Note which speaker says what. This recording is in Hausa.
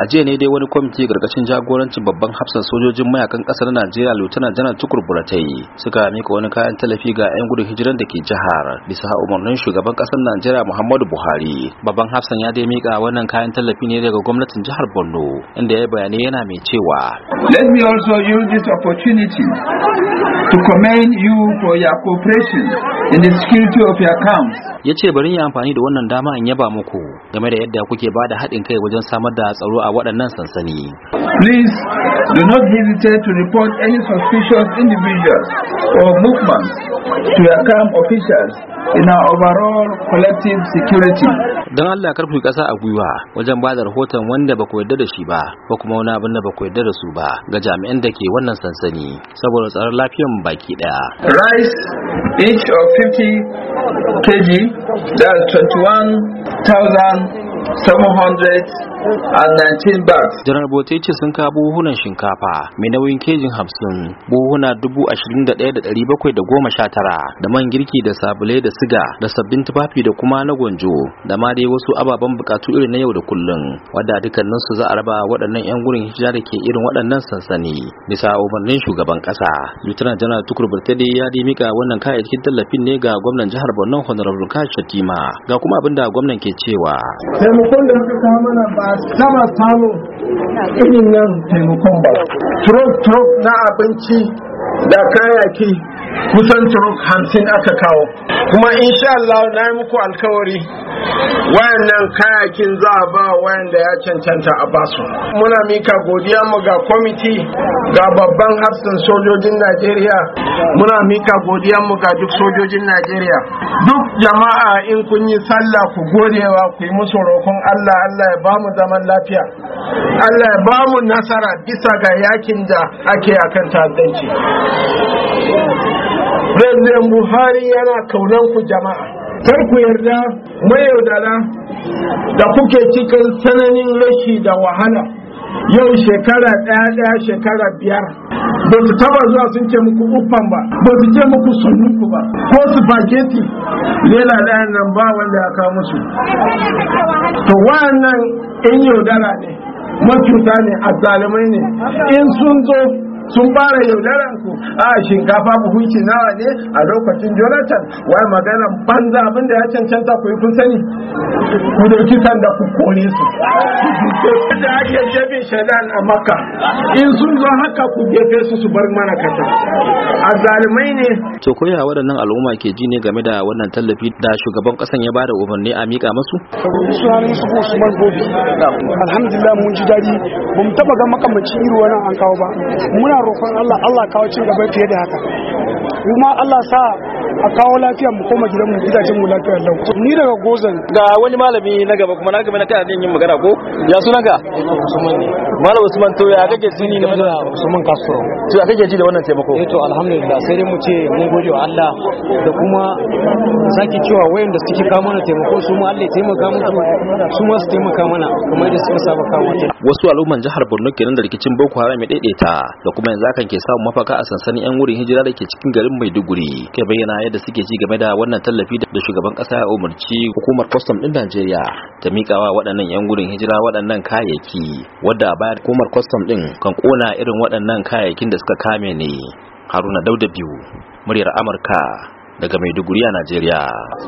Speaker 1: a jiya ne dai wani kwamiti gargashin jagorancin babban hafsan sojojin mayakan kasar najeriya lieutenant janar tukur buratai suka mika wani kayan tallafi ga 'yan gudun hijiran da ke jihar bisa umarnin shugaban kasar najeriya muhammadu buhari babban hafsan ya dai mika wannan kayan tallafi ne daga gwamnatin jihar borno inda ya bayanai yana mai cewa
Speaker 2: let me also use this opportunity to
Speaker 1: commend you
Speaker 2: for your cooperation in the
Speaker 1: security of your camps ya ce bari yi amfani da wannan dama in yaba muku game da yadda kuke ba da haɗin kai wajen samar da tsaro a waɗannan sansani.
Speaker 2: Please do not hesitate to report any suspicious individuals or movements to calm officials in our overall collective security.
Speaker 1: Don Allah karfi kasa a gwiwa wajen ba da rahoton wanda ba ku yarda da shi ba ko kuma wani abin da ba ku yarda da su ba ga jami'an da ke wannan sansani saboda tsaron lafiyan baki daya.
Speaker 2: Rice each of 50 kg that's 21,000 719
Speaker 1: bags. Janar Bote ce sun ka buhunan shinkafa mai nauyin kejin hamsin, buhuna 21,719 da man girki da sabulai da siga da sabbin tufafi da kuma na gwanjo da ma dai wasu ababen bukatu irin na yau da kullun, wadda dukkanin su za a raba waɗannan 'yan gurin hijira da ke irin waɗannan sansani bisa umarnin shugaban ƙasa. Lieutenant Janar Tukur Burtade ya dai mika wannan kayayyakin tallafin ne ga gwamnan jihar Borno Honorable Kashi Shatima ga kuma abin da gwamnan ke cewa.
Speaker 3: taimakon da suka kawo mana ba sama samu irin nan taimakon ba trok trok na abinci da kayaki kusan turuk hamsin aka kawo kuma insha Allah na yi muku alkawari wayannan kayakin za a ba wayanda ya cancanta a basu muna mika godiya mu ga kwamiti ga babban hafsin sojojin Najeriya muna mika godiya mu ga duk sojojin Najeriya duk jama'a in kun yi sallah ku godewa ku yi musu roƙon Allah Allah ya ba mu zaman lafiya Allah ya ba mu nasara bisa ga yakin da ake akan ta'addanci President Buhari yana kaunan ku jama'a. Kar ku yarda mai yaudara da kuke cikin sananin rashi da wahala yau shekara ɗaya ɗaya shekara biyar ba su taba zuwa sun ce muku uffan ba ba su ce muku sunnuku ba ko spaghetti lela ɗayan nan ba wanda ya kawo musu to wa'annan in yaudara ne macuta ne zalimai ne in sun zo sun fara yaudaran ku a shinkafa buhunci nawa ne a lokacin jonathan wai maganan banza abin da ya cancanta ku yi kun sani ku dauki sanda ku kone su da ake jefe shaidan a makka in sun zo haka ku jefe su su bar mana kasa a zalimai ne
Speaker 1: to koya waɗannan al'umma ke ji ne game da wannan tallafi da shugaban ƙasan ya bada umarni a miƙa masu
Speaker 3: sunanin su Usman Bobi alhamdulillah mun ji daɗi mun mu taɓa ga makamancin iri wannan an kawo ba muna roƙon Allah Allah kawo cin gaba fiye da haka kuma Allah sa a kawo lafiya mu koma mu gidajen mu lafiya lau
Speaker 1: ni daga gozan ga wani malami na gaba kuma na gaba na kana yin magana ko ya sunan ka malam usman to ya kake sini ne. da usman kasoro to ya kake ji da wannan taimako eh to alhamdulillah sai dai mu ce mun gode wa Allah da kuma saki cewa wayanda suke kawo mana taimako su mu Allah ya taimaka musu su ma su taimaka mana kuma da suka saba kawo wasu al'umman jihar Borno kenan da rikicin Boko Haram ya daidaita da kuma yanzu hakan ke samun mafaka a sansanin yan wurin hijira da ke cikin garin Maiduguri ke bayyana yadda suke ci game da wannan tallafi da shugaban kasa ya umarci hukumar kwastam din Najeriya ta mikawa waɗannan yan gudun hijira waɗannan kayayyaki wadda a baya hukumar kwastam din kan kona irin waɗannan kayayyakin da suka kame ne Haruna Dauda biyu muryar Amurka daga Maiduguri a Najeriya